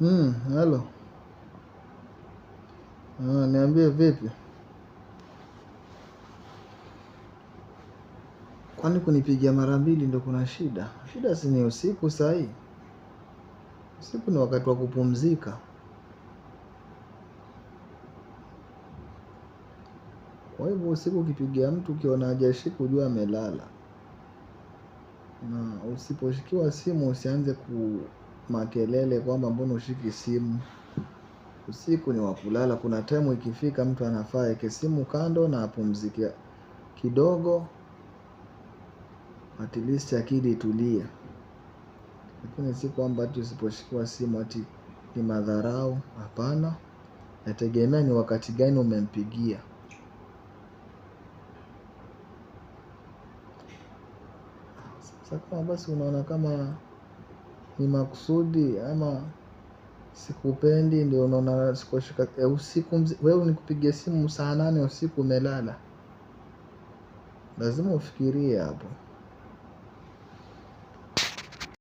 Hmm, halo. Ah, niambie vipi? Kwani kunipigia mara mbili ndo kuna shida? Shida si ni usiku saa hii? Usiku ni wakati wa kupumzika. Kwa hivyo usiku ukipigia mtu ukiona hajashika ujue amelala. Na usiposhikiwa simu usianze ku makelele kwamba mbona ushiki simu. Usiku ni wa kulala, kuna time ikifika mtu anafaa aweke simu kando na apumzike kidogo, at least akili itulie, lakini si kwamba ati usiposhikiwa simu ati ni madharau. Hapana, nategemea ni wakati gani umempigia. Sasa basi unaona kama ni makusudi ama sikupendi ndio unaona sikushika e, usiku wewe unikupigia simu saa nane usiku umelala lazima ufikirie hapo